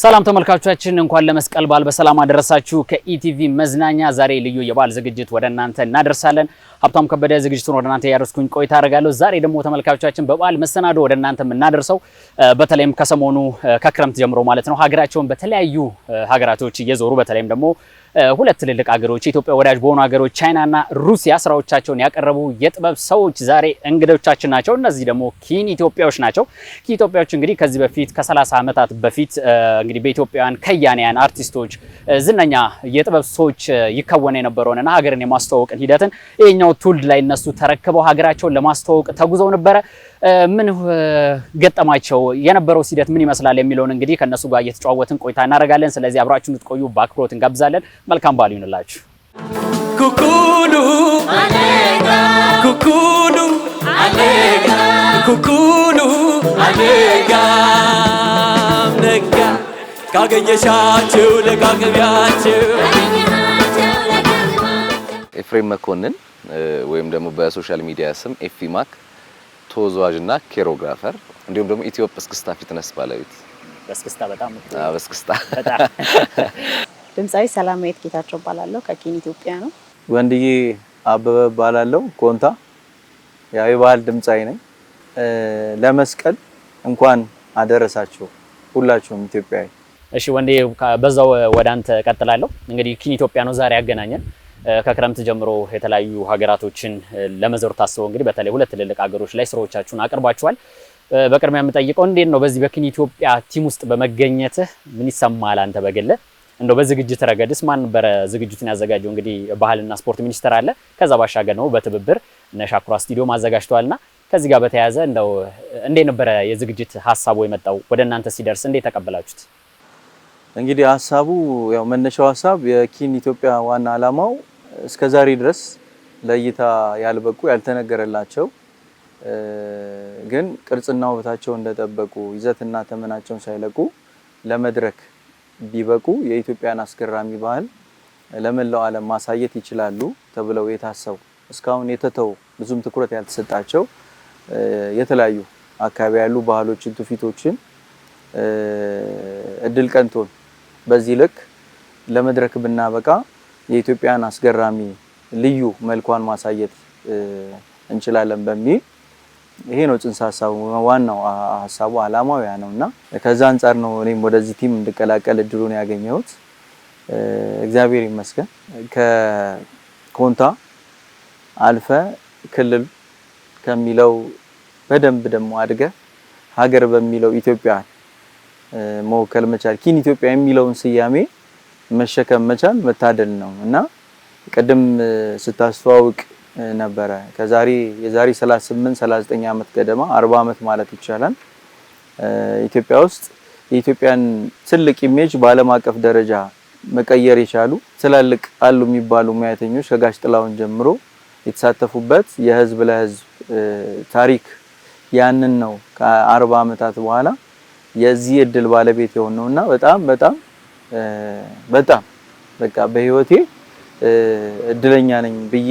ሰላም ተመልካቾቻችን፣ እንኳን ለመስቀል በዓል በሰላም አደረሳችሁ። ከኢቲቪ መዝናኛ ዛሬ ልዩ የበዓል ዝግጅት ወደ እናንተ እናደርሳለን። ሀብታሙ ከበደ ዝግጅቱን ወደ እናንተ ያደርስኩኝ ቆይታ አደርጋለሁ። ዛሬ ደግሞ ተመልካቾቻችን በበዓል መሰናዶ ወደ እናንተ የምናደርሰው በተለይም ከሰሞኑ ከክረምት ጀምሮ ማለት ነው ሀገራቸውን በተለያዩ ሀገራቶች እየዞሩ በተለይም ደግሞ ሁለት ትልልቅ ሀገሮች ኢትዮጵያ ወዳጅ በሆኑ ሀገሮች ቻይናና ሩሲያ ስራዎቻቸውን ያቀረቡ የጥበብ ሰዎች ዛሬ እንግዶቻችን ናቸው። እነዚህ ደግሞ ኪን ኢትዮጵያዎች ናቸው። ኪን ኢትዮጵያዎች እንግዲህ ከዚህ በፊት ከ30 ዓመታት በፊት እንግዲህ በኢትዮጵያውያን ከያንያን አርቲስቶች፣ ዝነኛ የጥበብ ሰዎች ይከወን የነበረውንና ሀገርን የማስተዋወቅን ሂደትን ይሄኛው ትውልድ ላይ እነሱ ተረክበው ሀገራቸውን ለማስተዋወቅ ተጉዘው ነበረ። ምን ገጠማቸው የነበረው ሂደት ምን ይመስላል የሚለውን እንግዲህ ከእነሱ ጋር እየተጨዋወትን ቆይታ እናደርጋለን። ስለዚህ አብራችሁን ትቆዩ በአክብሮት እንጋብዛለን። መልካም በዓል ይሁንላችሁ። ኩኩሉ ኩኩሉ ኩኩሉ አለጋም ነጋ ካገኘሻችሁ ለቃቅቢያችሁ ኤፍሬም መኮንን ወይም ደግሞ በሶሻል ሚዲያ ስም ኤፊ ማክ ተወዛዋዥና ኬሮግራፈር እንዲሁም ደግሞ ኢትዮጵ እስክስታ ፊትነስ ባለቤት በስክስታ በጣም በስክስታ በጣም ድምፃዊ ሰላማዊት ጌታቸው እባላለሁ። ከኬን ኢትዮጵያ ነው። ወንድዬ አበበ እባላለሁ። ኮንታ ያው የባህል ድምፃዊ ነኝ። ለመስቀል እንኳን አደረሳችሁ ሁላችሁም ኢትዮጵያዊ። እሺ ወንድዬ፣ በዛው ወደ አንተ ቀጥላለሁ። እንግዲህ ኬን ኢትዮጵያ ነው ዛሬ ያገናኘን ከክረምት ጀምሮ የተለያዩ ሀገራቶችን ለመዞር ታስበው እንግዲህ በተለይ ሁለት ትልልቅ ሀገሮች ላይ ስራዎቻችሁን አቅርባችኋል። በቅድሚያ የምጠይቀው እንዴት ነው በዚህ በኪን ኢትዮጵያ ቲም ውስጥ በመገኘትህ ምን ይሰማል? አንተ በግልህ እንደው በዝግጅት ረገድስ ማን ነበረ ዝግጅቱን ያዘጋጀው? እንግዲህ ባህልና ስፖርት ሚኒስቴር አለ። ከዛ ባሻገር ነው በትብብር ነሻኩራ ስቱዲዮም አዘጋጅተዋልና ከዚህ ጋር በተያያዘ እንደው እንዴት ነበረ የዝግጅት ሀሳቡ የመጣው? ወደ እናንተ ሲደርስ እንዴት ተቀበላችሁት? እንግዲህ ሀሳቡ ያው መነሻው ሀሳብ የኪን ኢትዮጵያ ዋና ዓላማው እስከ ዛሬ ድረስ ለእይታ ያልበቁ ያልተነገረላቸው ግን ቅርጽና ውበታቸው እንደጠበቁ ይዘትና ተመናቸውን ሳይለቁ ለመድረክ ቢበቁ የኢትዮጵያን አስገራሚ ባህል ለመላው ዓለም ማሳየት ይችላሉ ተብለው የታሰቡ እስካሁን የተተው ብዙም ትኩረት ያልተሰጣቸው የተለያዩ አካባቢ ያሉ ባህሎችን፣ ትውፊቶችን እድል ቀንቶን በዚህ ልክ ለመድረክ ብናበቃ የኢትዮጵያን አስገራሚ ልዩ መልኳን ማሳየት እንችላለን በሚል ይሄ ነው ጽንሰ ሀሳቡ። ዋናው ሀሳቡ አላማው ያ ነው እና ከዛ አንጻር ነው እኔም ወደዚህ ቲም እንድቀላቀል እድሉን ያገኘሁት። እግዚአብሔር ይመስገን። ከኮንታ አልፈ ክልል ከሚለው በደንብ ደግሞ አድገ ሀገር በሚለው ኢትዮጵያ መወከል መቻል ኪን ኢትዮጵያ የሚለውን ስያሜ መሸከም መቻል መታደል ነው እና ቅድም ስታስተዋውቅ ነበረ ከዛሬ የዛሬ 38 39 ዓመት ገደማ 40 ዓመት ማለት ይቻላል ኢትዮጵያ ውስጥ የኢትዮጵያን ትልቅ ኢሜጅ በዓለም አቀፍ ደረጃ መቀየር የቻሉ ትላልቅ አሉ የሚባሉ ሙያተኞች ከጋሽ ጥላውን ጀምሮ የተሳተፉበት የህዝብ ለህዝብ ታሪክ ያንን ነው ከአርባ ዓመታት በኋላ የዚህ እድል ባለቤት የሆነውና በጣም በጣም በጣም በቃ በህይወቴ እድለኛ ነኝ ብዬ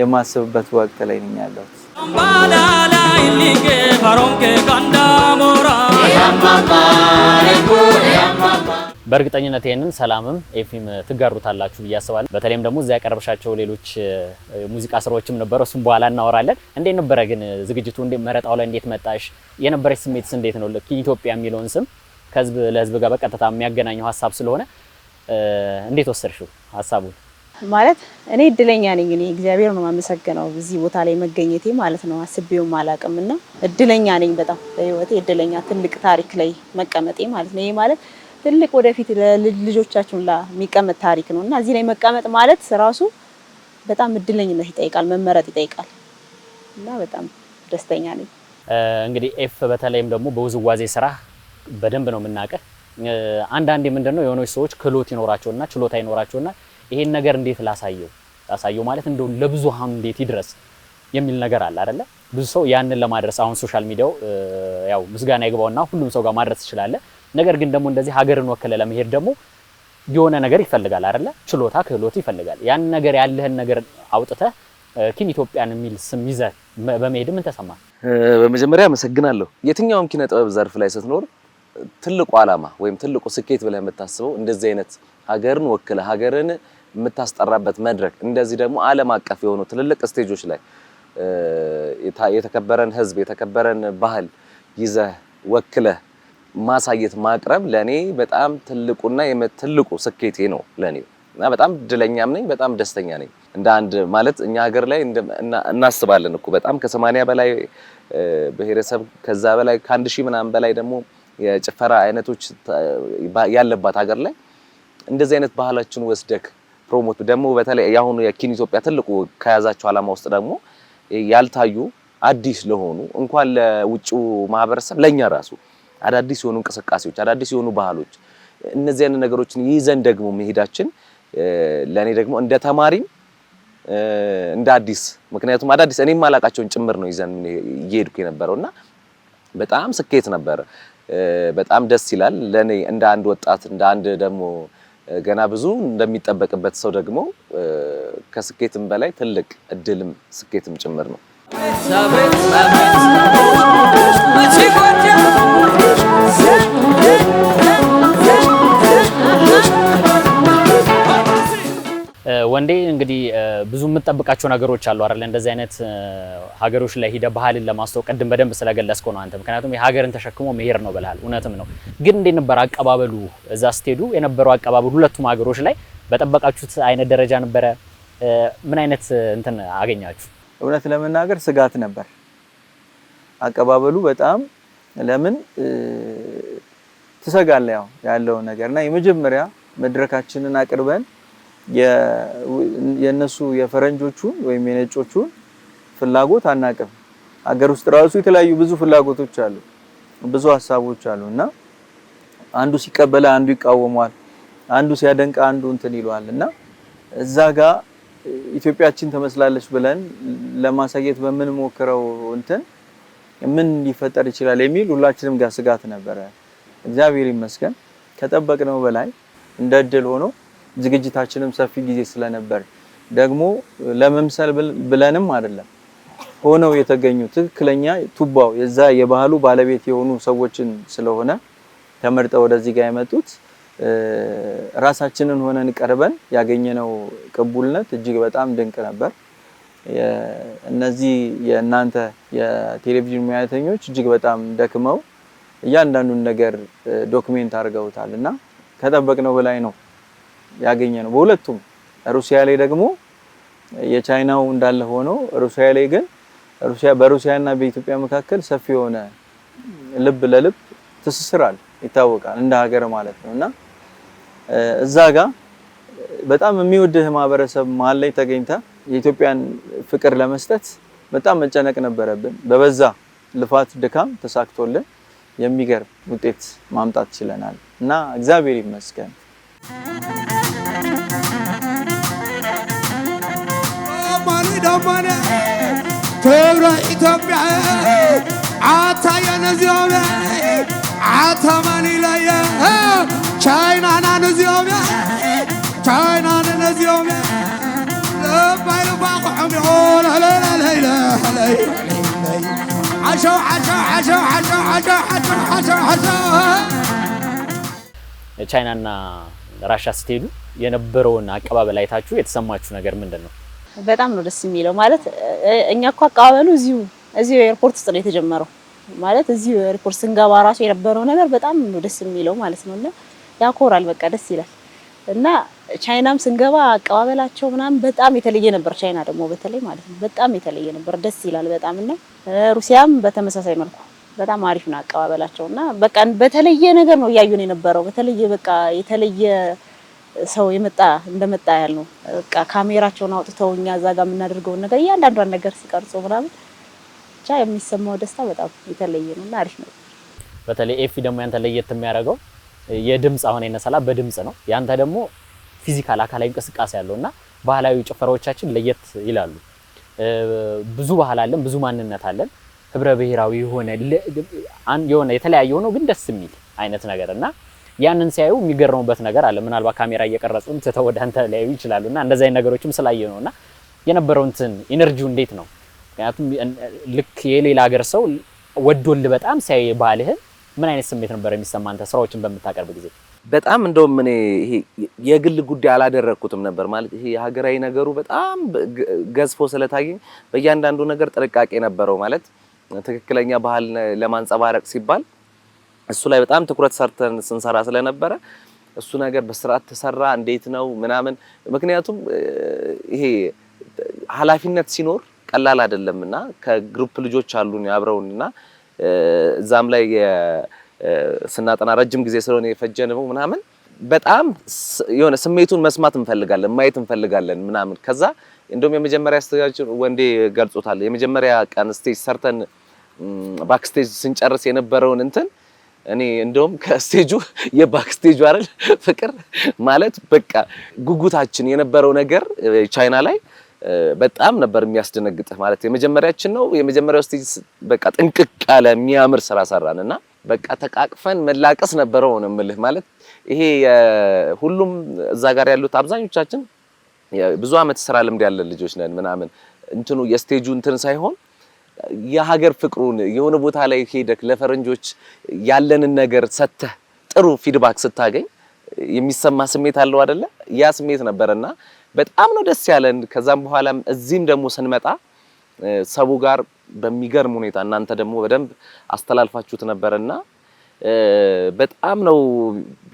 የማስብበት ወቅት ላይ ነኝ ያለሁት። በእርግጠኝነት ይህንን ሰላምም ኤፍም ትጋሩታላችሁ ብዬ አስባለሁ። በተለይም ደግሞ እዚያ ያቀረብሻቸው ሌሎች ሙዚቃ ስራዎችም ነበረ፣ እሱም በኋላ እናወራለን። እንዴት ነበረ ግን ዝግጅቱ? መረጣው ላይ እንዴት መጣሽ? የነበረች ስሜትስ እንዴት ነው? ኢትዮጵያ የሚለውን ስም ከህዝብ ለህዝብ ጋር በቀጥታ የሚያገናኘው ሀሳብ ስለሆነ እንዴት ወሰድሽው ሀሳቡን? ማለት እኔ እድለኛ ነኝ። እኔ እግዚአብሔር ነው የማመሰግነው እዚህ ቦታ ላይ መገኘቴ ማለት ነው። አስቤውም አላውቅም እና እድለኛ ነኝ በጣም በህይወቴ እድለኛ ትልቅ ታሪክ ላይ መቀመጤ ማለት ነው። ይሄ ማለት ትልቅ ወደፊት ለልጆቻችን የሚቀመጥ ታሪክ ነው እና እዚህ ላይ መቀመጥ ማለት ራሱ በጣም እድለኝነት ይጠይቃል፣ መመረጥ ይጠይቃል እና በጣም ደስተኛ ነኝ። እንግዲህ ኤፍ በተለይም ደግሞ በውዝዋዜ ስራ በደንብ ነው የምናውቅህ። አንዳንዴ ምንድን ነው የሆነች ሰዎች ክህሎት ይኖራቸውና ችሎታ ይኖራቸውና ይሄን ነገር እንዴት ላሳየው ላሳየው ማለት እንደው ለብዙሃኑ እንዴት ይድረስ የሚል ነገር አለ አይደለ? ብዙ ሰው ያንን ለማድረስ አሁን ሶሻል ሚዲያው ያው ምስጋና ይግባውና ሁሉም ሰው ጋር ማድረስ ይችላል። ነገር ግን ደግሞ እንደዚህ ሀገርን ወክለ ለመሄድ ደግሞ የሆነ ነገር ይፈልጋል አይደለ? ችሎታ ክህሎት ይፈልጋል። ያን ነገር ያለህን ነገር አውጥተህ ኪን ኢትዮጵያን የሚል ስም ይዘህ በመሄድ ምን ተሰማ? በመጀመሪያ አመሰግናለሁ። የትኛውም ኪነ ጥበብ ዘርፍ ላይ ስትኖር ትልቁ ዓላማ ወይም ትልቁ ስኬት ብለህ የምታስበው እንደዚህ አይነት ሀገርን ወክለ ሀገርን የምታስጠራበት መድረክ እንደዚህ ደግሞ ዓለም አቀፍ የሆኑ ትልልቅ ስቴጆች ላይ የተከበረን ህዝብ የተከበረን ባህል ይዘህ ወክለህ ማሳየት ማቅረብ ለኔ በጣም ትልቁና ትልቁ ስኬቴ ነው ለእኔ እና በጣም እድለኛም ነኝ። በጣም ደስተኛ ነኝ። እንደ አንድ ማለት እኛ ሀገር ላይ እናስባለን እኮ በጣም ከሰማንያ በላይ ብሔረሰብ ከዛ በላይ ከአንድ ሺህ ምናምን በላይ ደግሞ የጭፈራ አይነቶች ያለባት ሀገር ላይ እንደዚህ አይነት ባህላችን ወስደክ ፕሮሞት ደግሞ በተለይ የአሁኑ የኪን ኢትዮጵያ ትልቁ ከያዛቸው ዓላማ ውስጥ ደግሞ ያልታዩ አዲስ ለሆኑ እንኳን ለውጭው ማህበረሰብ ለኛ ራሱ አዳዲስ የሆኑ እንቅስቃሴዎች፣ አዳዲስ የሆኑ ባህሎች እነዚህ አይነት ነገሮችን ይዘን ደግሞ መሄዳችን ለእኔ ደግሞ እንደ ተማሪም እንደ አዲስ ምክንያቱም አዳዲስ እኔም አላቃቸውን ጭምር ነው ይዘን እየሄድኩ የነበረው እና በጣም ስኬት ነበረ። በጣም ደስ ይላል። ለእኔ እንደ አንድ ወጣት እንደ አንድ ደግሞ ገና ብዙ እንደሚጠበቅበት ሰው ደግሞ ከስኬትም በላይ ትልቅ እድልም ስኬትም ጭምር ነው። ቤት ወንዴ እንግዲህ ብዙ የምጠብቃቸው ነገሮች አሉ አይደል? እንደዚህ አይነት ሀገሮች ላይ ሂደ ባህልን ለማስተዋወቅ ቅድም በደንብ ስለገለጽከው ነው አንተ። ምክንያቱም የሀገርን ተሸክሞ መሄድ ነው ብለሃል፣ እውነትም ነው። ግን እንዴት ነበር አቀባበሉ? እዛ ስትሄዱ የነበረው አቀባበሉ ሁለቱም ሀገሮች ላይ በጠበቃችሁት አይነት ደረጃ ነበረ? ምን አይነት እንትን አገኛችሁ? እውነት ለመናገር ስጋት ነበር አቀባበሉ በጣም ለምን ትሰጋለህ ያው ያለውን ነገር እና የመጀመሪያ መድረካችንን አቅርበን የእነሱ የፈረንጆቹን ወይም የነጮቹን ፍላጎት አናቅም። ሀገር ውስጥ ራሱ የተለያዩ ብዙ ፍላጎቶች አሉ፣ ብዙ ሀሳቦች አሉ እና አንዱ ሲቀበለ አንዱ ይቃወመዋል፣ አንዱ ሲያደንቀ አንዱ እንትን ይለዋል እና እዛ ጋር ኢትዮጵያችን ትመስላለች ብለን ለማሳየት በምንሞክረው እንትን ምን ሊፈጠር ይችላል የሚል ሁላችንም ጋር ስጋት ነበረ። እግዚአብሔር ይመስገን ከጠበቅነው በላይ እንደ እድል ሆኖ ዝግጅታችንም ሰፊ ጊዜ ስለነበር ደግሞ ለመምሰል ብለንም አይደለም ሆነው የተገኙ ትክክለኛ ቱባው የዛ የባህሉ ባለቤት የሆኑ ሰዎችን ስለሆነ ተመርጠው ወደዚህ ጋር የመጡት ራሳችንን ሆነን ቀርበን ያገኘነው ቅቡልነት እጅግ በጣም ድንቅ ነበር። እነዚህ የእናንተ የቴሌቪዥን ሙያተኞች እጅግ በጣም ደክመው እያንዳንዱን ነገር ዶክሜንት አድርገውታል እና ከጠበቅነው በላይ ነው ያገኘ ነው በሁለቱም። ሩሲያ ላይ ደግሞ የቻይናው እንዳለ ሆኖ ሩሲያ ላይ ግን ሩሲያ በሩሲያና በኢትዮጵያ መካከል ሰፊ የሆነ ልብ ለልብ ትስስር አለ፣ ይታወቃል እንደ ሀገር ማለት ነው። እና እዛ ጋ በጣም የሚወድህ ማህበረሰብ መሀል ላይ ተገኝታ የኢትዮጵያን ፍቅር ለመስጠት በጣም መጨነቅ ነበረብን። በበዛ ልፋት ድካም ተሳክቶልን የሚገርም ውጤት ማምጣት ችለናል እና እግዚአብሔር ይመስገን። ደሞነ ክብረ ኢትዮጵያ አታ የነዚዮነ አታ ማኒለየ ቻይናና ነዚዮመ ቻይናን ነዚዮመ لبي وباقعهم يقول لا ቻይናና ራሻ ስትሄዱ የነበረውን አቀባበል አይታችሁ የተሰማችሁ ነገር ምንድን ነው? በጣም ነው ደስ የሚለው። ማለት እኛ እኮ አቀባበሉ እዚሁ እዚሁ ኤርፖርት ውስጥ ነው የተጀመረው። ማለት እዚሁ ኤርፖርት ስንገባ ራሱ የነበረው ነገር በጣም ነው ደስ የሚለው ማለት ነውና ያኮራል። በቃ ደስ ይላል። እና ቻይናም ስንገባ አቀባበላቸው ምናምን በጣም የተለየ ነበር። ቻይና ደግሞ በተለይ ማለት ነው በጣም የተለየ ነበር። ደስ ይላል በጣም እና ሩሲያም በተመሳሳይ መልኩ በጣም አሪፍ ነው አቀባበላቸው እና በቃ በተለየ ነገር ነው እያዩን የነበረው። በተለየ በቃ የተለየ ሰው የመጣ እንደመጣ ያል ነው በቃ ካሜራቸውን አውጥተው እኛ እዛ ጋር የምናደርገውን ነገር እያንዳንዷን ነገር ሲቀርጾ ምናምን ብቻ የሚሰማው ደስታ በጣም የተለየ ነው እና አሪፍ ነው። በተለይ ኤፊ ደግሞ ያንተ ለየት የሚያደርገው የድምፅ አሁን የነሰላ በድምፅ ነው። ያንተ ደግሞ ፊዚካል አካላዊ እንቅስቃሴ ያለው እና ባህላዊ ጭፈራዎቻችን ለየት ይላሉ። ብዙ ባህል አለን፣ ብዙ ማንነት አለን። ህብረ ብሔራዊ የሆነ የሆነ የተለያየ ሆኖ ግን ደስ የሚል አይነት ነገር እና ያንን ሲያዩ የሚገረሙበት ነገር አለ። ምናልባት ካሜራ እየቀረጹም ትተው ወደ አንተ ሊያዩ ይችላሉ። እና እንደዚህ አይነት ነገሮችም ስላየ ነው እና የነበረው እንትን ኢነርጂው እንዴት ነው? ምክንያቱም ልክ የሌላ ሀገር ሰው ወዶል በጣም ሲያይ ባህልህን ምን አይነት ስሜት ነበር የሚሰማ አንተ ስራዎችን በምታቀርብ ጊዜ? በጣም እንደውም እኔ ይሄ የግል ጉዳይ አላደረግኩትም ነበር ማለት ይሄ ሀገራዊ ነገሩ በጣም ገዝፎ ስለታየኝ በእያንዳንዱ ነገር ጥንቃቄ ነበረው ማለት ትክክለኛ ባህል ለማንጸባረቅ ሲባል እሱ ላይ በጣም ትኩረት ሰርተን ስንሰራ ስለነበረ እሱ ነገር በስርዓት ተሰራ። እንዴት ነው ምናምን። ምክንያቱም ይሄ ኃላፊነት ሲኖር ቀላል አይደለም እና ከግሩፕ ልጆች አሉን አብረውን እና እዛም ላይ ስናጠና ረጅም ጊዜ ስለሆነ የፈጀነው ምናምን በጣም የሆነ ስሜቱን መስማት እንፈልጋለን፣ ማየት እንፈልጋለን ምናምን። ከዛ እንደውም የመጀመሪያ ስቴጅ ወንዴ ገልጾታል። የመጀመሪያ ቀን ስቴጅ ሰርተን ባክስቴጅ ስንጨርስ የነበረውን እንትን እኔ እንደውም ከስቴጁ የባክስቴጁ አይደል ፍቅር ማለት በቃ ጉጉታችን የነበረው ነገር ቻይና ላይ በጣም ነበር የሚያስደነግጥህ። ማለት የመጀመሪያችን ነው የመጀመሪያው ስቴጅ በቃ ጥንቅቅ ያለ የሚያምር ስራ ሰራን እና በቃ ተቃቅፈን መላቀስ ነበረው ነው የምልህ። ማለት ይሄ ሁሉም እዛ ጋር ያሉት አብዛኞቻችን ብዙ አመት ስራ ልምድ ያለን ልጆች ነን ምናምን እንትኑ የስቴጁ እንትን ሳይሆን የሀገር ፍቅሩን የሆነ ቦታ ላይ ሄደክ ለፈረንጆች ያለንን ነገር ሰተህ ጥሩ ፊድባክ ስታገኝ የሚሰማ ስሜት አለው አይደለ? ያ ስሜት ነበርና በጣም ነው ደስ ያለን። ከዛም በኋላም እዚህም ደግሞ ስንመጣ ሰው ጋር በሚገርም ሁኔታ እናንተ ደግሞ በደንብ አስተላልፋችሁት ነበርና በጣም ነው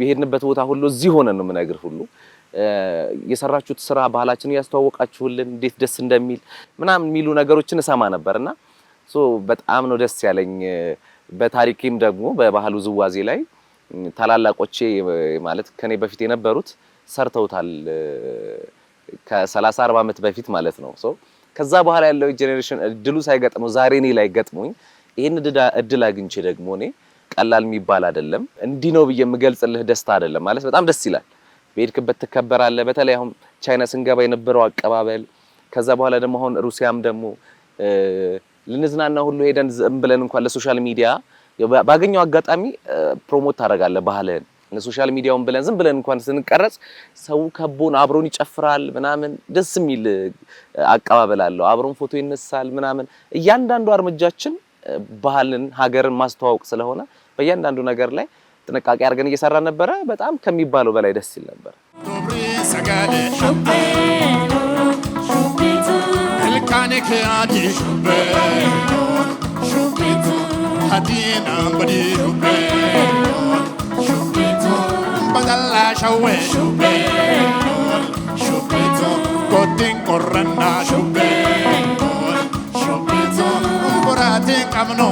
የሄድንበት ቦታ ሁሉ እዚህ ሆነን ነው የምነግርህ ሁሉ የሰራችሁት ስራ ባህላችን እያስተዋወቃችሁልን እንዴት ደስ እንደሚል ምናምን የሚሉ ነገሮችን እሰማ ነበርና በጣም ነው ደስ ያለኝ። በታሪክም ደግሞ በባህል ውዝዋዜ ላይ ታላላቆቼ ማለት ከኔ በፊት የነበሩት ሰርተውታል። ከሰላሳ አርባ ዓመት በፊት ማለት ነው። ሶ ከዛ በኋላ ያለው ጄኔሬሽን እድሉ ሳይገጥመው ዛሬ እኔ ላይ ገጥሞኝ ይህን እድል አግኝቼ ደግሞ እኔ ቀላል የሚባል አይደለም። እንዲህ ነው ብዬ የምገልጽልህ ደስታ አይደለም ማለት በጣም ደስ ይላል። በሄድክበት ትከበራለህ። በተለይ አሁን ቻይና ስንገባ የነበረው አቀባበል ከዛ በኋላ ደግሞ አሁን ሩሲያም ደግሞ ልንዝናና ሁሉ ሄደን ዝም ብለን እንኳን ለሶሻል ሚዲያ ባገኘው አጋጣሚ ፕሮሞት ታደርጋለህ ባህልህን ለሶሻል ሚዲያውን ብለን ዝም ብለን እንኳን ስንቀረጽ ሰው ከቦን አብሮን ይጨፍራል ምናምን ደስ የሚል አቀባበል አለው። አብሮን ፎቶ ይነሳል ምናምን። እያንዳንዱ እርምጃችን ባህልን፣ ሀገርን ማስተዋወቅ ስለሆነ በእያንዳንዱ ነገር ላይ ጥንቃቄ አድርገን እየሰራ ነበረ። በጣም ከሚባለው በላይ ደስ ይል ነበር። kanike adi jube adi nangodi jube mbangala shawe kotin koranda jube mbora te kamno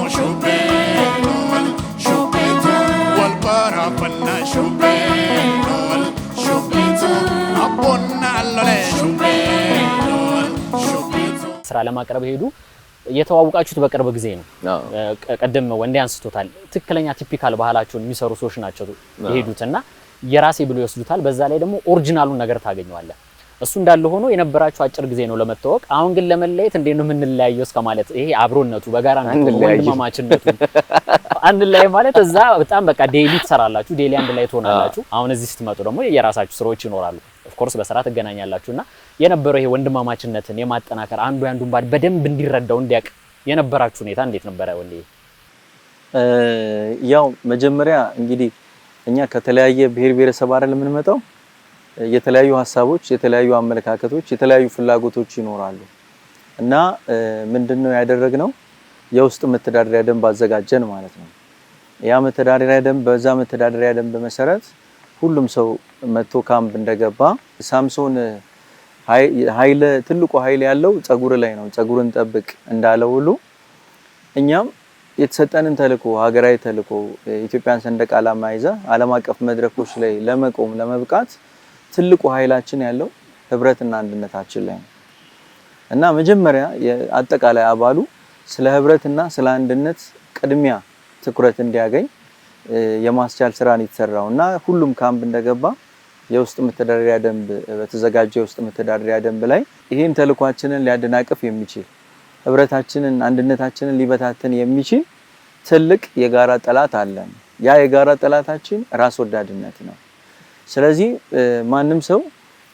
ስራ ለማቅረብ ሄዱ። የተዋወቃችሁት በቅርብ ጊዜ ነው። ቀደም ወንዴ አንስቶታል። ትክክለኛ ቲፒካል ባህላቸውን የሚሰሩ ሰዎች ናቸው የሄዱትና የራሴ ብሎ ይወስዱታል። በዛ ላይ ደግሞ ኦሪጂናሉን ነገር ታገኘዋለህ። እሱ እንዳለ ሆኖ የነበራችሁ አጭር ጊዜ ነው ለመታወቅ። አሁን ግን ለመለየት እንዴት ነው የምንለያየው እስከ ማለት ይሄ አብሮነቱ በጋራ ወንድማማችነቱ አንድ ላይ ማለት እዛ በጣም በቃ ዴይሊ ትሰራላችሁ፣ ዴይሊ አንድ ላይ ትሆናላችሁ። አሁን እዚህ ስትመጡ ደግሞ የራሳችሁ ስራዎች ይኖራሉ። ኦፍኮርስ በስራ ትገናኛላችሁ እና የነበረው ይሄ ወንድማማችነትን የማጠናከር አንዱ ያንዱን ባል በደንብ እንዲረዳው እንዲያውቅ የነበራችሁ ሁኔታ እንዴት ነበረ ወንዴ? ያው መጀመሪያ እንግዲህ እኛ ከተለያየ ብሔር ብሔረሰብ አይደል የምንመጣው የተለያዩ ሀሳቦች፣ የተለያዩ አመለካከቶች፣ የተለያዩ ፍላጎቶች ይኖራሉ እና ምንድን ነው ያደረግነው የውስጥ መተዳደሪያ ደንብ አዘጋጀን ማለት ነው። ያ መተዳደሪያ ደንብ በዛ መተዳደሪያ ደንብ መሰረት ሁሉም ሰው መጥቶ ካምፕ እንደገባ ሳምሶን ኃይለ ትልቁ ኃይል ያለው ጸጉር ላይ ነው፣ ጸጉርን ጠብቅ እንዳለ ሁሉ እኛም የተሰጠንን ተልእኮ ሀገራዊ ተልእኮ ኢትዮጵያን ሰንደቅ ዓላማ ይዛ ዓለም አቀፍ መድረኮች ላይ ለመቆም ለመብቃት ትልቁ ኃይላችን ያለው ህብረትና አንድነታችን ላይ ነው እና መጀመሪያ አጠቃላይ አባሉ ስለ ህብረትና ስለ አንድነት ቅድሚያ ትኩረት እንዲያገኝ የማስቻል ስራን የተሰራው እና ሁሉም ካምፕ እንደገባ የውስጥ መተዳደሪያ ደንብ በተዘጋጀ የውስጥ መተዳደሪያ ደንብ ላይ ይህን ተልኳችንን ሊያደናቅፍ የሚችል ህብረታችንን፣ አንድነታችንን ሊበታትን የሚችል ትልቅ የጋራ ጠላት አለን። ያ የጋራ ጠላታችን ራስ ወዳድነት ነው። ስለዚህ ማንም ሰው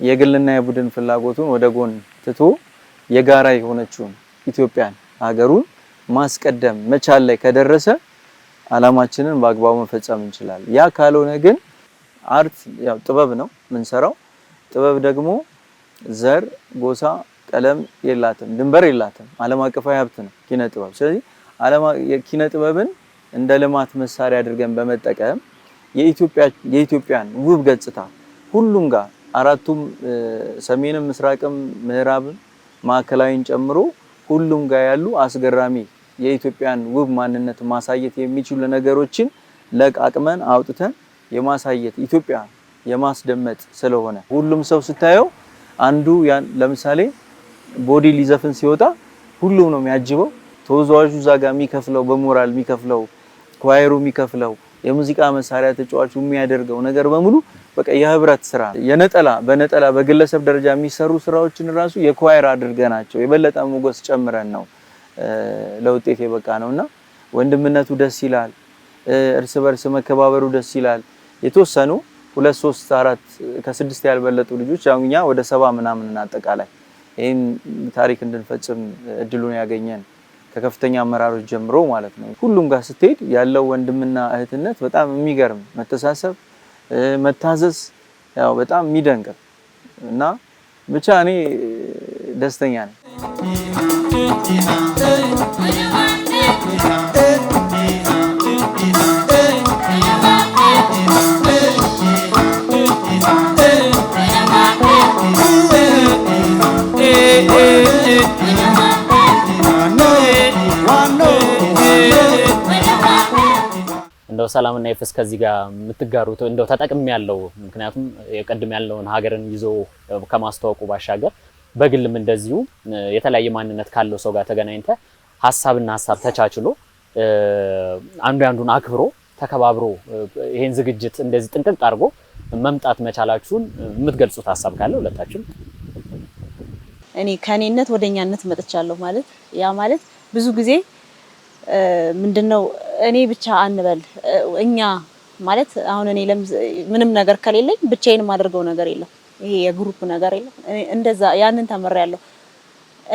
የግልና የቡድን ፍላጎቱን ወደ ጎን ትቶ የጋራ የሆነችውን ኢትዮጵያን ሀገሩን ማስቀደም መቻል ላይ ከደረሰ አላማችንን በአግባቡ መፈጸም እንችላለን። ያ ካልሆነ ግን አርት ያው ጥበብ ነው የምንሰራው። ጥበብ ደግሞ ዘር፣ ጎሳ፣ ቀለም የላትም፣ ድንበር የላትም። ዓለም አቀፋዊ ሀብት ነው ኪነ ጥበብ። ስለዚህ ኪነ ጥበብን እንደ ልማት መሳሪያ አድርገን በመጠቀም የኢትዮጵያን ውብ ገጽታ ሁሉም ጋር አራቱም ሰሜንም፣ ምስራቅም፣ ምዕራብም ማዕከላዊን ጨምሮ ሁሉም ጋር ያሉ አስገራሚ የኢትዮጵያን ውብ ማንነት ማሳየት የሚችሉ ነገሮችን ለቃቅመን አውጥተን የማሳየት ኢትዮጵያ የማስደመጥ ስለሆነ ሁሉም ሰው ስታየው አንዱ ለምሳሌ ቦዲ ሊዘፍን ሲወጣ ሁሉም ነው የሚያጅበው። ተወዛዋዡ እዛ ጋር የሚከፍለው በሞራል የሚከፍለው ኳየሩ የሚከፍለው የሙዚቃ መሳሪያ ተጫዋቹ የሚያደርገው ነገር በሙሉ በቃ የህብረት ስራ የነጠላ በነጠላ በግለሰብ ደረጃ የሚሰሩ ስራዎችን ራሱ የኳየር አድርገናቸው የበለጠ ሞገስ ጨምረን ነው ለውጤት የበቃ ነው እና ወንድምነቱ ደስ ይላል። እርስ በርስ መከባበሩ ደስ ይላል። የተወሰኑ ሁለት ሶስት አራት ከስድስት ያልበለጡ ልጆች ያው እኛ ወደ ሰባ ምናምን አጠቃላይ ይህን ታሪክ እንድንፈጽም እድሉን ያገኘን ከከፍተኛ አመራሮች ጀምሮ ማለት ነው። ሁሉም ጋር ስትሄድ ያለው ወንድምና እህትነት በጣም የሚገርም መተሳሰብ፣ መታዘዝ ያው በጣም የሚደንቅ እና ብቻ እኔ ደስተኛ ነኝ። እንደው እና የፍስ ከዚህ ጋር የምትጋሩት እንደው ተጠቅም ያለው ምክንያቱም የቀድም ያለውን ሀገርን ይዞ ከማስተዋወቁ ባሻገር በግልም እንደዚሁ የተለያየ ማንነት ካለው ሰው ጋር ተገናኝተ ሀሳብና ሀሳብ ተቻችሎ አንዱ አንዱን አክብሮ ተከባብሮ ይሄን ዝግጅት እንደዚህ ጥንቅቅ አድርጎ መምጣት መቻላችሁን የምትገልጹት ሀሳብ ካለ ሁለታችን እኔ ከእኔነት ወደ እኛነት መጥቻለሁ ማለት ያ ማለት ብዙ ጊዜ ምንድነው እኔ ብቻ አንበል እኛ ማለት አሁን እኔ ምንም ነገር ከሌለኝ ብቻዬን የማደርገው ነገር የለም። ይሄ የግሩፕ ነገር የለም። እንደዛ ያንን ተምሬያለሁ።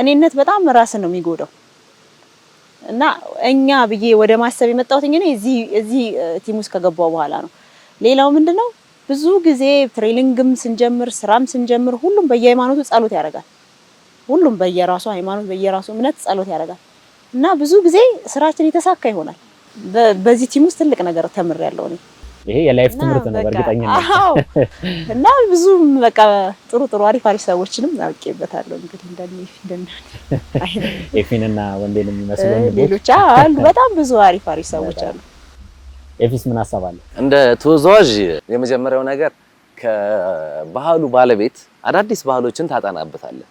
እኔነት በጣም ራስን ነው የሚጎዳው እና እኛ ብዬ ወደ ማሰብ የመጣሁት እኔ እዚህ እዚህ ቲም ውስጥ ከገባው በኋላ ነው። ሌላው ምንድነው ብዙ ጊዜ ትሬኒንግም ስንጀምር ስራም ስንጀምር ሁሉም በየሃይማኖቱ ጸሎት ያደርጋል። ሁሉም በየራሱ ሃይማኖት በየራሱ እምነት ጸሎት ያደርጋል እና ብዙ ጊዜ ስራችን የተሳካ ይሆናል በዚህ ቲም ውስጥ ትልቅ ነገር ተምሬያለሁ እኔ። ይሄ የላይፍ ትምህርት ነው በእርግጠኛ እና ብዙም በቃ ጥሩ ጥሩ አሪፍ አሪፍ ሰዎችንም አውቄበታለሁ። እንግዲህ እንደ ኤፊን እና ወንዴን የሚመስሉ ሌሎች አሉ፣ በጣም ብዙ አሪፍ አሪፍ ሰዎች አሉ። ኤፊስ ምን ሀሳብ እንደ ተወዛዋዥ የመጀመሪያው ነገር ከባህሉ ባለቤት አዳዲስ ባህሎችን ታጠናበታለህ።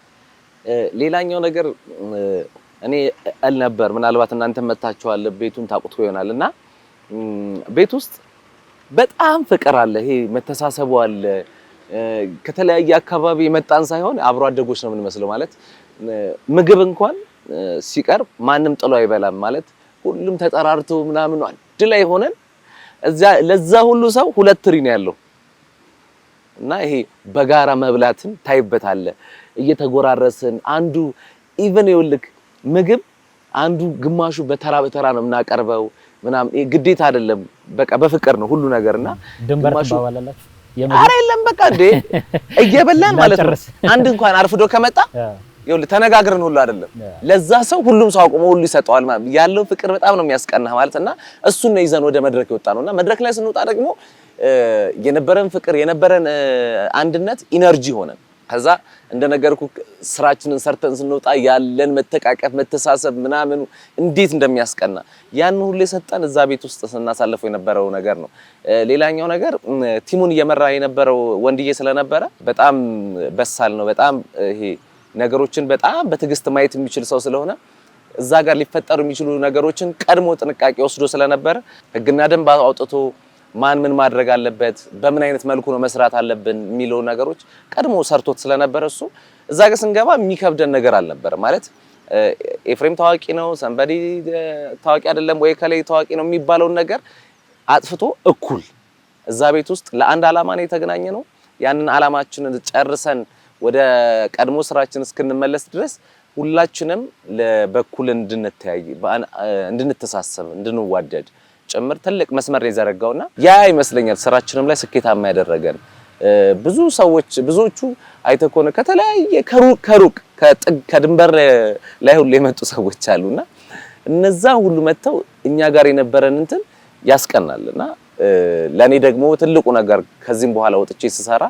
ሌላኛው ነገር እኔ እል ነበር። ምናልባት እናንተ መታችኋል፣ ቤቱን ታውቁት ይሆናል እና ቤት ውስጥ በጣም ፍቅር አለ። ይሄ መተሳሰቡ አለ። ከተለያየ አካባቢ የመጣን ሳይሆን አብሮ አደጎች ነው የምንመስለው። ማለት ምግብ እንኳን ሲቀርብ ማንም ጥሎ አይበላም። ማለት ሁሉም ተጠራርቶ ምናምን አንድ ላይ ሆነን እዚያ ለዛ ሁሉ ሰው ሁለት ትሪ ነው ያለው እና ይሄ በጋራ መብላትን ታይበታለ። እየተጎራረስን አንዱ ኢቨን ይኸውልህ ምግብ አንዱ ግማሹ በተራ በተራ ነው የምናቀርበው ምናምን ግዴታ አይደለም። በቃ በፍቅር ነው ሁሉ ነገር እና ግማሹ ኧረ የለም በቃ እንዴ እየበላን ማለት ነው። አንድ እንኳን አርፍዶ ከመጣ ይኸውልህ ተነጋግረን ሁሉ አይደለም ለዛ ሰው ሁሉም ሰው አቁሞ ሁሉ ይሰጠዋል። ያለው ፍቅር በጣም ነው የሚያስቀናህ ማለት እና እሱን ነው ይዘን ወደ መድረክ የወጣ ነው እና መድረክ ላይ ስንወጣ ደግሞ የነበረን ፍቅር የነበረን አንድነት ኢነርጂ ሆነን ከዛ እንደነገርኩ ስራችንን ሰርተን ስንወጣ ያለን መተቃቀፍ፣ መተሳሰብ ምናምኑ እንዴት እንደሚያስቀና ያን ሁሉ የሰጠን እዛ ቤት ውስጥ ስናሳልፈው የነበረው ነገር ነው። ሌላኛው ነገር ቲሙን እየመራ የነበረው ወንድዬ ስለነበረ በጣም በሳል ነው። በጣም ይሄ ነገሮችን በጣም በትዕግስት ማየት የሚችል ሰው ስለሆነ እዛ ጋር ሊፈጠሩ የሚችሉ ነገሮችን ቀድሞ ጥንቃቄ ወስዶ ስለነበረ ህግና ደንብ አውጥቶ ማን ምን ማድረግ አለበት፣ በምን አይነት መልኩ ነው መስራት አለብን የሚለው ነገሮች ቀድሞ ሰርቶት ስለነበረ እሱ እዛ ጋር ስንገባ የሚከብደን ነገር አልነበረ ማለት ኤፍሬም ታዋቂ ነው፣ ሰንበዲ ታዋቂ አይደለም ወይ ከላይ ታዋቂ ነው የሚባለውን ነገር አጥፍቶ እኩል እዛ ቤት ውስጥ ለአንድ አላማ ነው የተገናኘ ነው። ያንን አላማችንን ጨርሰን ወደ ቀድሞ ስራችን እስክንመለስ ድረስ ሁላችንም በኩል እንድንተያይ፣ እንድንተሳሰብ፣ እንድንዋደድ ጭምር ትልቅ መስመር የዘረጋውና ያ ይመስለኛል ስራችንም ላይ ስኬታማ ያደረገን። ብዙ ሰዎች ብዙዎቹ አይተህ ከሆነ ከተለያየ ከሩቅ ከሩቅ ከጥግ ከድንበር ላይ ሁሉ የመጡ ሰዎች አሉና እነዛ ሁሉ መጥተው እኛ ጋር የነበረን እንትን ያስቀናልና ለኔ ደግሞ ትልቁ ነገር ከዚህም በኋላ ወጥቼ ስሰራ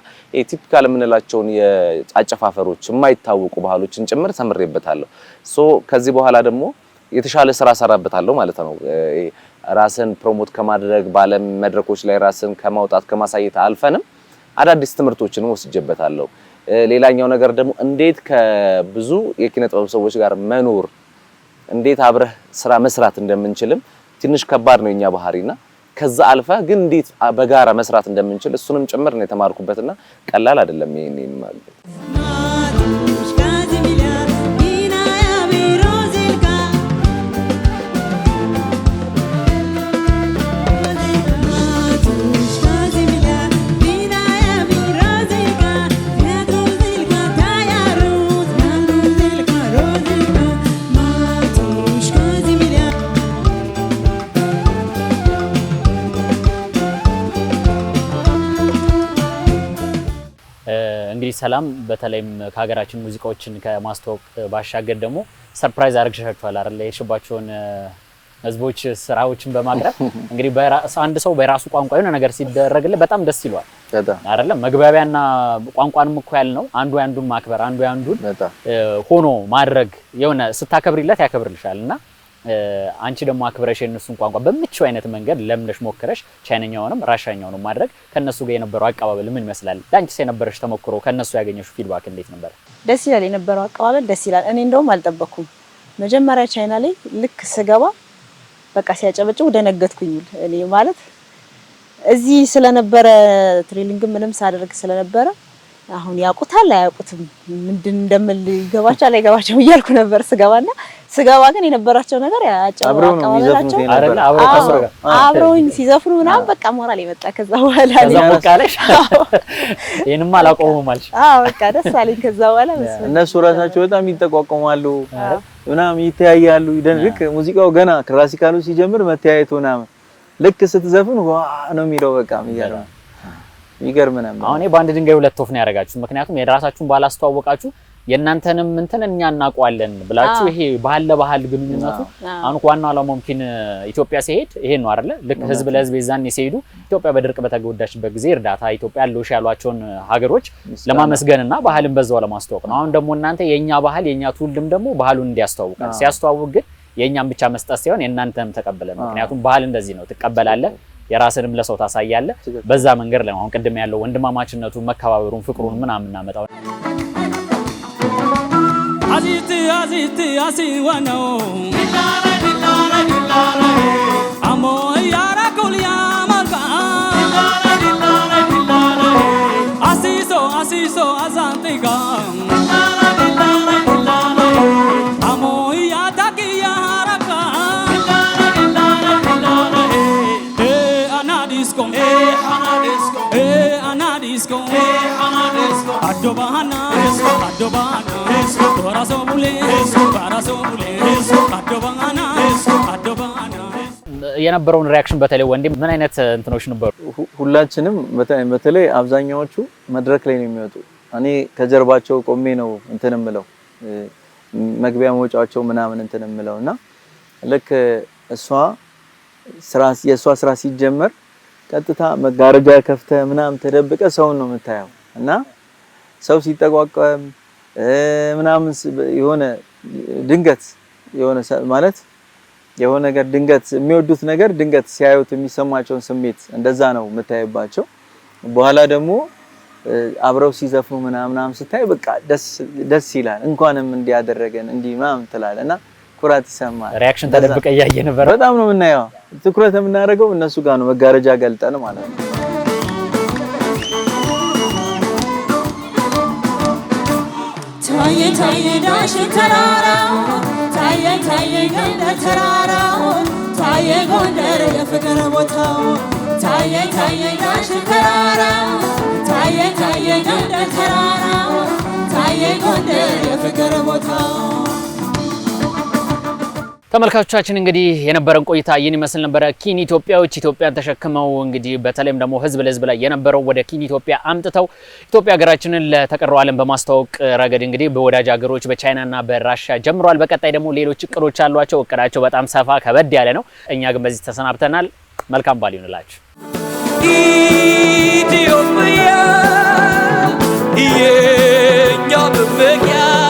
ቲፒካል የምንላቸውን የአጨፋፈሮች የማይታወቁ ባህሎችን ጭምር ተምሬበታለሁ። ሶ ከዚህ በኋላ ደግሞ የተሻለ ስራ ሰራበታለሁ ማለት ነው። ራስን ፕሮሞት ከማድረግ በዓለም መድረኮች ላይ ራስን ከማውጣት ከማሳየት አልፈንም አዳዲስ ትምህርቶችንም ወስጀበታለሁ። ሌላኛው ነገር ደግሞ እንዴት ከብዙ የኪነ ጥበብ ሰዎች ጋር መኖር እንዴት አብረህ ስራ መስራት እንደምንችልም ትንሽ ከባድ ነው የኛ ባህሪና ከዛ አልፈ ግን እንዴት በጋራ መስራት እንደምንችል እሱንም ጭምር ነው የተማርኩበትና ቀላል አይደለም። ይሄን ሰላም በተለይም ከሀገራችን ሙዚቃዎችን ከማስተዋወቅ ባሻገር ደግሞ ሰርፕራይዝ አድርግሻቸዋል አይደል? የሄድሽባቸውን ህዝቦች ስራዎችን በማቅረብ እንግዲህ አንድ ሰው በራሱ ቋንቋ የሆነ ነገር ሲደረግልህ በጣም ደስ ይለዋል አይደለም? መግባቢያና ቋንቋንም እኮ ነው። አንዱ አንዱን ማክበር አንዱ አንዱን ሆኖ ማድረግ የሆነ ስታከብሪለት ያከብርልሻል እና አንቺ ደግሞ አክብረሽ የእነሱን ቋንቋ በምችው አይነት መንገድ ለምለሽ ሞክረሽ ቻይነኛውንም ራሻኛውንም ማድረግ ከእነሱ ጋር የነበረው አቀባበል ምን ይመስላል? ለአንቺስ የነበረሽ ተሞክሮ ከእነሱ ያገኘሽው ፊድባክ እንዴት ነበር? ደስ ይላል። የነበረው አቀባበል ደስ ይላል። እኔ እንደውም አልጠበኩም። መጀመሪያ ቻይና ላይ ልክ ስገባ በቃ ሲያጨበጭቡ ደነገጥኩኝ። እኔ ማለት እዚህ ስለነበረ ትሬኒንግ ምንም ሳደርግ ስለነበረ አሁን ያውቁታል አያውቁትም ምንድን እንደምል ይገባቸዋል አይገባቸውም እያልኩ ነበር ስገባና ስገባ ግን የነበራቸው ነገር ያጫው አቀባበላቸው አብረውኝ ሲዘፍኑ ምናምን በቃ ሞራል የመጣ ከዛ በኋላ ከዛ ሞቃለሽ ይሄንም አላቆሙም አልሽ? አዎ በቃ ደስ አለኝ። ከዛ በኋላ እነሱ ራሳቸው በጣም ይጠቋቆማሉ ምናምን ይተያያሉ። ይደንቅ ሙዚቃው ገና ክላሲካሉ ሲጀምር መተያየቱ ምናምን ልክ ስትዘፍን ዋ ነው የሚለው በቃ የሚገርም ነው። አሁን በአንድ ድንጋይ ሁለት ወፍ ነው ያደርጋችሁ። ምክንያቱም የራሳችሁን ባላስተዋወቃችሁ የእናንተንም እንትን እኛ እናውቀዋለን ብላችሁ ይሄ ባህል ለባህል ግንኙነቱ አሁን ዋናው ዓላማው ኪን ኢትዮጵያ ሲሄድ ይሄን ነው አይደለ? ልክ ህዝብ ለህዝብ የዛኔ ሲሄዱ ኢትዮጵያ በድርቅ በተጎዳችበት ጊዜ እርዳታ ኢትዮጵያ ያለሽ ያሏቸውን ሀገሮች ለማመስገን እና ባህልን በዛው ለማስተዋወቅ ነው። አሁን ደግሞ እናንተ የእኛ ባህል የእኛ ትውልድም ደግሞ ባህሉን እንዲያስተዋውቅ ሲያስተዋውቅ ግን የእኛም ብቻ መስጠት ሳይሆን የእናንተንም ተቀበለ። ምክንያቱም ባህል እንደዚህ ነው፣ ትቀበላለህ የራስንም ለሰው ታሳያለህ። በዛ መንገድ ላይ አሁን ቅድም ያለው ወንድማማችነቱ መከባበሩን፣ ፍቅሩን ምናምን እናመጣው Aziti aziti asiwano Dilare dilare dilare Amo yara kulia malka Dilare dilare dilare Asiso asiso azantiga Dilare dilare dilare Amo yada kiyara ka Dilare dilare dilare Eh anadiskom Eh anadiskom disco, addo bahana, addo bahana, tora so mule, bara so mule, addo bahana, የነበረውን ሪያክሽን በተለይ ወንድም ምን አይነት እንትኖች ነበሩ? ሁላችንም በተለይ አብዛኛዎቹ መድረክ ላይ ነው የሚወጡ። እኔ ከጀርባቸው ቆሜ ነው እንትን የምለው መግቢያ መውጫቸው ምናምን እንትን የምለው እና ልክ እሷ የእሷ ስራ ሲጀመር ቀጥታ መጋረጃ ከፍተ ምናምን ተደብቀ ሰውን ነው የምታየው እና ሰው ሲጠቋቀም ምናምን የሆነ ድንገት የሆነ ማለት የሆነ ነገር ድንገት የሚወዱት ነገር ድንገት ሲያዩት የሚሰማቸውን ስሜት እንደዛ ነው የምታይባቸው። በኋላ ደግሞ አብረው ሲዘፍኑ ምናምናም ስታይ በቃ ደስ ደስ ይላል። እንኳንም እንዲያደረገን እንዲህ ምናምን ትላለህ እና ኩራት ይሰማል። ሪያክሽን ተደብቀ እያየ ነበር። በጣም ነው የምናየው ትኩረት የምናደርገው እነሱ ጋር ነው፣ መጋረጃ ገልጠን ማለት ነው። ታየ ታየ ዳሽን ተራራው ታየ ታየ ጎንደር ተራራ ታየ ጎንደር የፍቅር ቦታው ታየ ታየ ዳሽን ተራራው ታየ ታየ ጎንደር ተራራው ታየ ጎንደር የፍቅር ቦታው ተመልካቾቻችን እንግዲህ የነበረን ቆይታ ይህን ይመስል ነበረ። ኪን ኢትዮጵያዎች ኢትዮጵያን ተሸክመው እንግዲህ በተለይም ደግሞ ህዝብ ለህዝብ ላይ የነበረው ወደ ኪን ኢትዮጵያ አምጥተው ኢትዮጵያ ሀገራችንን ለተቀረው ዓለም በማስተዋወቅ ረገድ እንግዲህ በወዳጅ ሀገሮች በቻይናና በራሻ ጀምሯል። በቀጣይ ደግሞ ሌሎች እቅዶች አሏቸው። እቅዳቸው በጣም ሰፋ ከበድ ያለ ነው። እኛ ግን በዚህ ተሰናብተናል። መልካም ባል ይሁንላችሁ። ኢትዮጵያ የእኛ መመኪያ